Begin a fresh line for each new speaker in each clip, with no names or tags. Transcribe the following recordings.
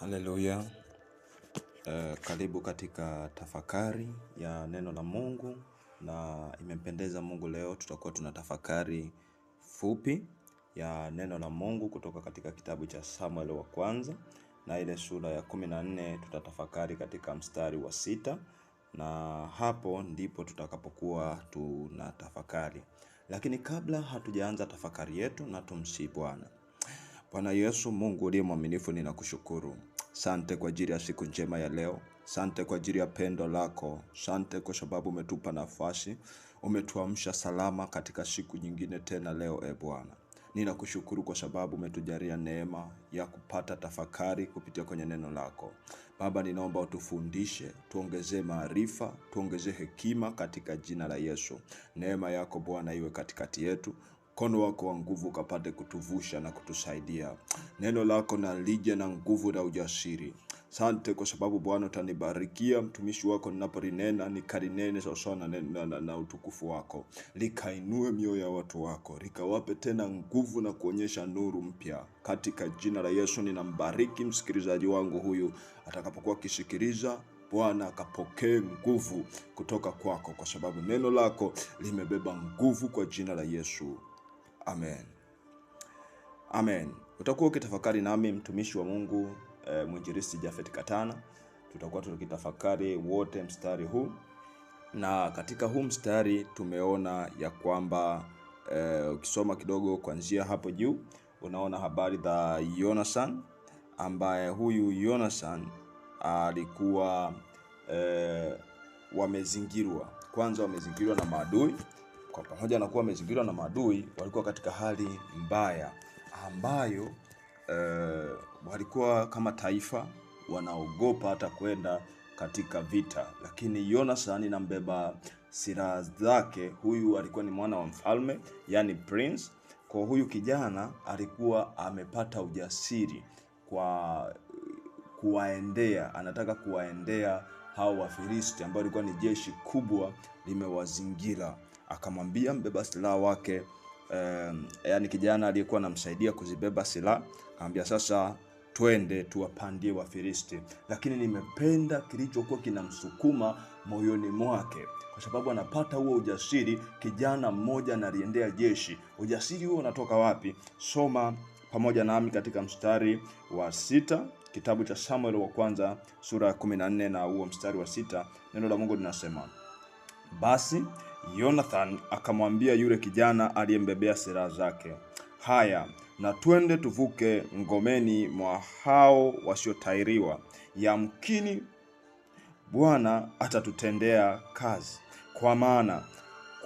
Haleluya. Uh, eh, karibu katika tafakari ya neno la Mungu na imempendeza Mungu leo tutakuwa tuna tafakari fupi ya neno la Mungu kutoka katika kitabu cha Samuel wa kwanza na ile sura ya kumi na nne tutatafakari katika mstari wa sita na hapo ndipo tutakapokuwa tuna tafakari Lakini kabla hatujaanza tafakari yetu na tumsi Bwana. Bwana Yesu Mungu uliye mwaminifu, ninakushukuru Sante kwa ajili ya siku njema ya leo. Sante kwa ajili ya pendo lako. Sante kwa sababu umetupa nafasi, umetuamsha salama katika siku nyingine tena leo. E Bwana, ninakushukuru kwa sababu umetujalia neema ya kupata tafakari kupitia kwenye neno lako. Baba, ninaomba utufundishe, tuongezee maarifa, tuongezee hekima katika jina la Yesu. Neema yako Bwana iwe katikati yetu, mkono wako wa nguvu ukapate kutuvusha na kutusaidia. Neno lako na lije na nguvu na ujasiri. Sante kwa sababu Bwana utanibarikia mtumishi wako ninapolinena, nikalinene sawasawa na, na, na utukufu wako. Likainue mioyo ya watu wako, likawape tena nguvu na kuonyesha nuru mpya. Katika jina la Yesu ninambariki msikilizaji wangu huyu atakapokuwa akisikiliza Bwana akapokee nguvu kutoka kwako, kwa sababu neno lako limebeba nguvu kwa jina la Yesu. Amen. Amen. Utakuwa ukitafakari nami mtumishi wa Mungu e, mwinjilisti Japhet Katana. Tutakuwa tukitafakari wote mstari huu, na katika huu mstari tumeona ya kwamba e, ukisoma kidogo kuanzia hapo juu unaona habari za Yonasan ambaye huyu Yonasan alikuwa e, wamezingirwa kwanza, wamezingirwa na maadui kwa pamoja na kuwa wamezingirwa na maadui, walikuwa katika hali mbaya ambayo uh, walikuwa kama taifa wanaogopa hata kwenda katika vita, lakini Yonasani na mbeba silaha zake, huyu alikuwa ni mwana wa mfalme, yani prince. Kwa huyu kijana alikuwa amepata ujasiri kwa eh, kuwaendea, anataka kuwaendea hao Wafilisti ambao ilikuwa ni jeshi kubwa limewazingira akamwambia mbeba silaha wake um, yani kijana aliyekuwa anamsaidia kuzibeba silaha akamwambia, sasa twende tuwapandie Wafilisti. Lakini nimependa kilichokuwa kinamsukuma moyoni mwake, kwa sababu anapata huo ujasiri. Kijana mmoja analiendea jeshi, ujasiri huo unatoka wapi? Soma pamoja nami katika mstari wa sita kitabu cha Samuel wa kwanza sura ya 14 na huo mstari wa sita, neno la Mungu linasema basi Yonathan akamwambia yule kijana aliyembebea silaha zake, haya na twende tuvuke ngomeni mwa hao wasiotairiwa, yamkini Bwana atatutendea kazi, kwa maana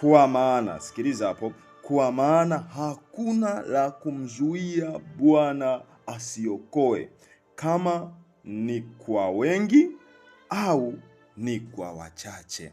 kwa maana, sikiliza hapo, kwa maana hakuna la kumzuia Bwana asiokoe, kama ni kwa wengi au ni kwa wachache.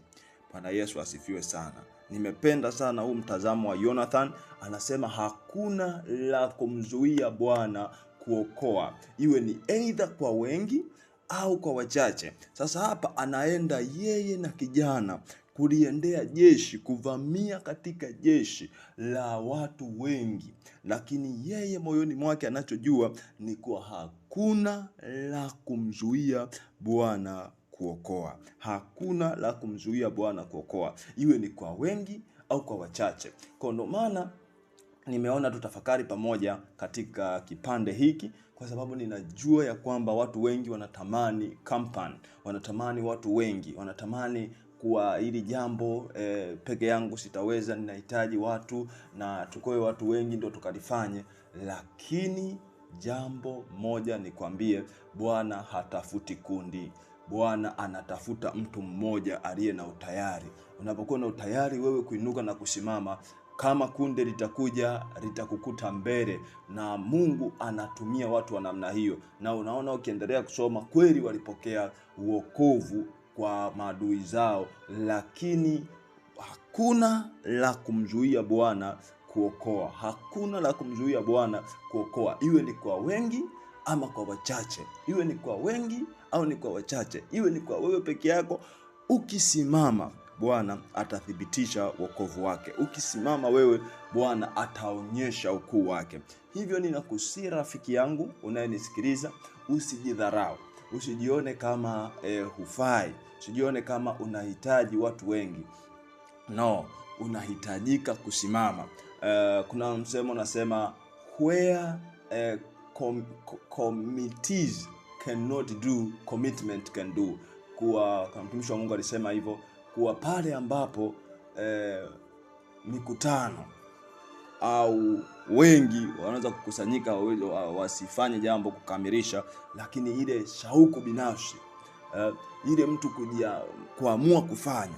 Bwana Yesu asifiwe sana. Nimependa sana huu mtazamo wa Jonathan, anasema hakuna la kumzuia Bwana kuokoa, iwe ni aidha kwa wengi au kwa wachache. Sasa hapa anaenda yeye na kijana kuliendea jeshi, kuvamia katika jeshi la watu wengi, lakini yeye moyoni mwake anachojua ni kuwa hakuna la kumzuia Bwana kuokoa. Hakuna la kumzuia Bwana kuokoa, iwe ni kwa wengi au kwa wachache. Kwa ndo maana nimeona tutafakari pamoja katika kipande hiki, kwa sababu ninajua ya kwamba watu wengi wanatamani kampani, wanatamani watu wengi, wanatamani kuwa hili jambo e, peke yangu sitaweza, ninahitaji watu na tukoe watu wengi ndio tukalifanye. Lakini jambo moja nikwambie, Bwana hatafuti kundi Bwana anatafuta mtu mmoja aliye na utayari. Unapokuwa na utayari wewe kuinuka na kusimama, kama kunde litakuja litakukuta mbele, na Mungu anatumia watu wa namna hiyo. Na unaona ukiendelea kusoma, kweli walipokea uokovu kwa maadui zao, lakini hakuna la kumzuia Bwana kuokoa. Hakuna la kumzuia Bwana kuokoa, iwe ni kwa wengi ama kwa wachache, iwe ni kwa wengi au ni kwa wachache, iwe ni kwa wewe peke yako, ukisimama Bwana atathibitisha wokovu wake. Ukisimama wewe, Bwana ataonyesha ukuu wake. Hivyo ninakusii rafiki yangu unayenisikiliza, usijidharau, usijione kama eh, hufai, usijione kama unahitaji watu wengi. No, unahitajika kusimama. Eh, kuna msemo unasema where eh, com, com, committees cannot do commitment can do. Kuwa mtumishi wa Mungu alisema hivyo, kuwa pale ambapo eh, mikutano au wengi wanaweza kukusanyika wasifanye jambo kukamilisha, lakini ile shauku binafsi eh, ile mtu kujia, kuamua kufanya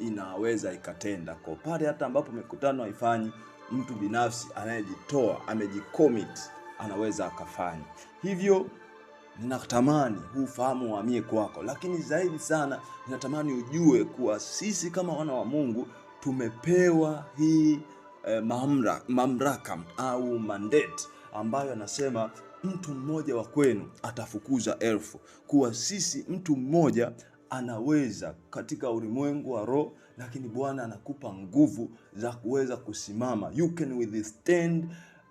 inaweza ikatenda kwa pale, hata ambapo mikutano haifanyi, mtu binafsi anayejitoa amejicommit anaweza akafanya hivyo ninatamani huu ufahamu uhamie kwako, lakini zaidi sana ninatamani ujue kuwa sisi kama wana wa Mungu tumepewa hii eh, mamlaka, mamlaka au mandate ambayo anasema mtu mmoja wa kwenu atafukuza elfu. Kuwa sisi mtu mmoja anaweza katika ulimwengu wa roho, lakini Bwana anakupa nguvu za kuweza kusimama. You can withstand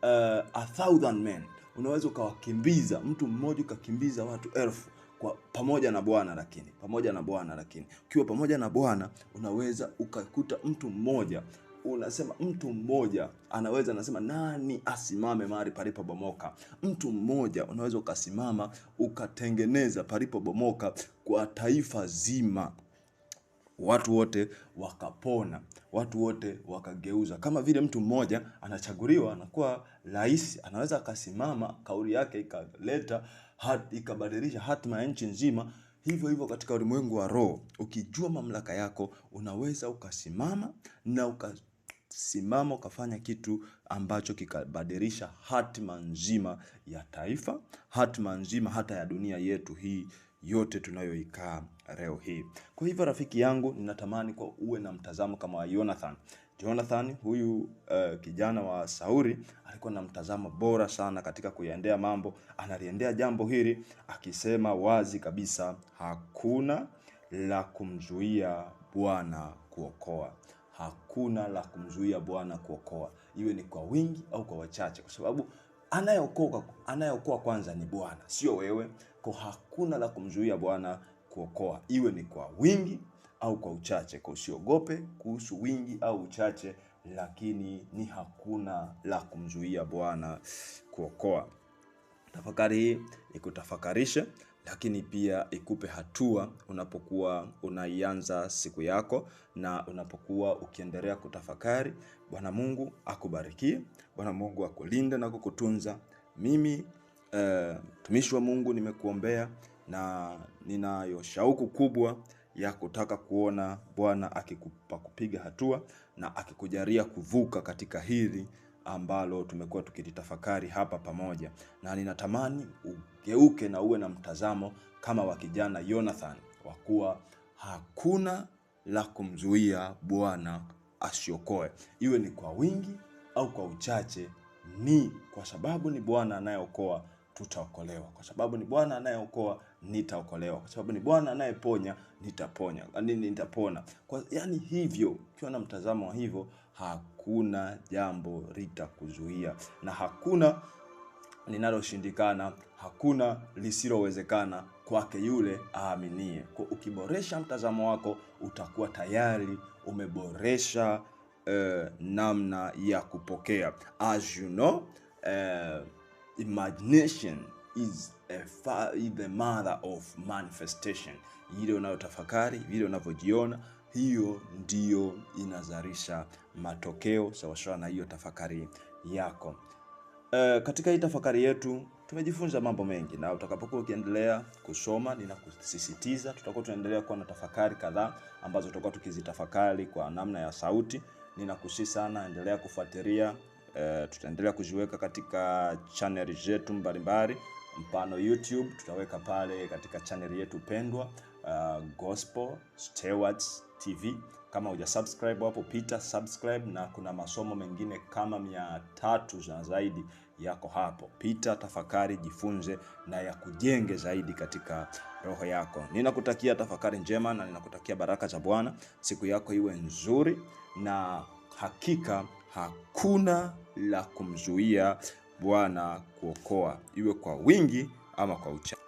uh, a thousand men unaweza ukawakimbiza mtu mmoja ukakimbiza watu elfu kwa pamoja na Bwana lakini pamoja na Bwana lakini ukiwa pamoja na Bwana unaweza ukakuta mtu mmoja unasema mtu mmoja anaweza anasema nani asimame mahali palipobomoka. Mtu mmoja unaweza ukasimama ukatengeneza palipobomoka kwa taifa zima watu wote wakapona, watu wote wakageuza. Kama vile mtu mmoja anachaguliwa anakuwa rais, anaweza akasimama, kauli yake ikaleta hat, ikabadilisha hatima ya nchi nzima. Hivyo hivyo katika ulimwengu wa roho, ukijua mamlaka yako unaweza ukasimama na ukasimama ukafanya kitu ambacho kikabadilisha hatima nzima ya taifa, hatima nzima hata ya dunia yetu hii yote tunayoikaa leo hii. Kwa hivyo rafiki yangu, ninatamani kwa uwe na mtazamo kama Jonathan. Jonathan huyu uh, kijana wa Sauli alikuwa na mtazamo bora sana katika kuyaendea mambo. Analiendea jambo hili akisema wazi kabisa, hakuna la kumzuia Bwana kuokoa. Hakuna la kumzuia Bwana kuokoa, iwe ni kwa wingi au kwa wachache, kwa sababu anayeokoka anayeokoa kwanza ni Bwana, sio wewe. Kwa hakuna la kumzuia Bwana kuokoa, iwe ni kwa wingi au kwa uchache. Kwa usiogope kuhusu wingi au uchache, lakini ni hakuna la kumzuia Bwana kuokoa. Tafakari hii ikutafakarishe lakini pia ikupe hatua unapokuwa unaianza siku yako na unapokuwa ukiendelea kutafakari. Bwana Mungu akubarikie, Bwana Mungu akulinde na kukutunza. Mimi eh, mtumishi e, wa Mungu nimekuombea na ninayo shauku kubwa ya kutaka kuona Bwana akikupa kupiga hatua na akikujaria kuvuka katika hili ambalo tumekuwa tukilitafakari hapa pamoja, na ninatamani ugeuke na uwe na mtazamo kama wa kijana Jonathan, wa kuwa hakuna la kumzuia Bwana asiokoe, iwe ni kwa wingi au kwa uchache, ni kwa sababu ni Bwana anayeokoa tutaokolewa, kwa sababu ni Bwana anayeokoa, nitaokolewa, kwa sababu ni Bwana anayeponya, nitaponya, yaani nitapona. Kwa yani hivyo, ukiwa na mtazamo wa hivyo, hakuna jambo litakuzuia na hakuna linaloshindikana, hakuna lisilowezekana kwake yule aaminie. Kwa ukiboresha mtazamo wako, utakuwa tayari umeboresha uh, namna ya kupokea as you know uh, imagination is a far, the mother of manifestation. vile unayotafakari vile unavyojiona, hiyo ndiyo inazalisha matokeo sawasawa na hiyo tafakari yako. E, katika hii tafakari yetu tumejifunza mambo mengi, na utakapokuwa ukiendelea kusoma, ninakusisitiza tutakuwa tunaendelea kuwa na tafakari kadhaa ambazo tutakuwa tukizitafakari kwa namna ya sauti. Ninakusii sana, endelea kufuatilia Eh, tutaendelea kuziweka katika channel zetu mbalimbali, mfano YouTube tutaweka pale katika channel yetu pendwa uh, Gospel Stewards TV. Kama huja subscribe hapo pita subscribe, na kuna masomo mengine kama mia tatu za zaidi yako hapo, pita tafakari, jifunze na ya kujenge zaidi katika roho yako. Ninakutakia tafakari njema na ninakutakia baraka za Bwana, siku yako iwe nzuri na hakika hakuna la kumzuia Bwana kuokoa, iwe kwa wingi ama kwa uchache.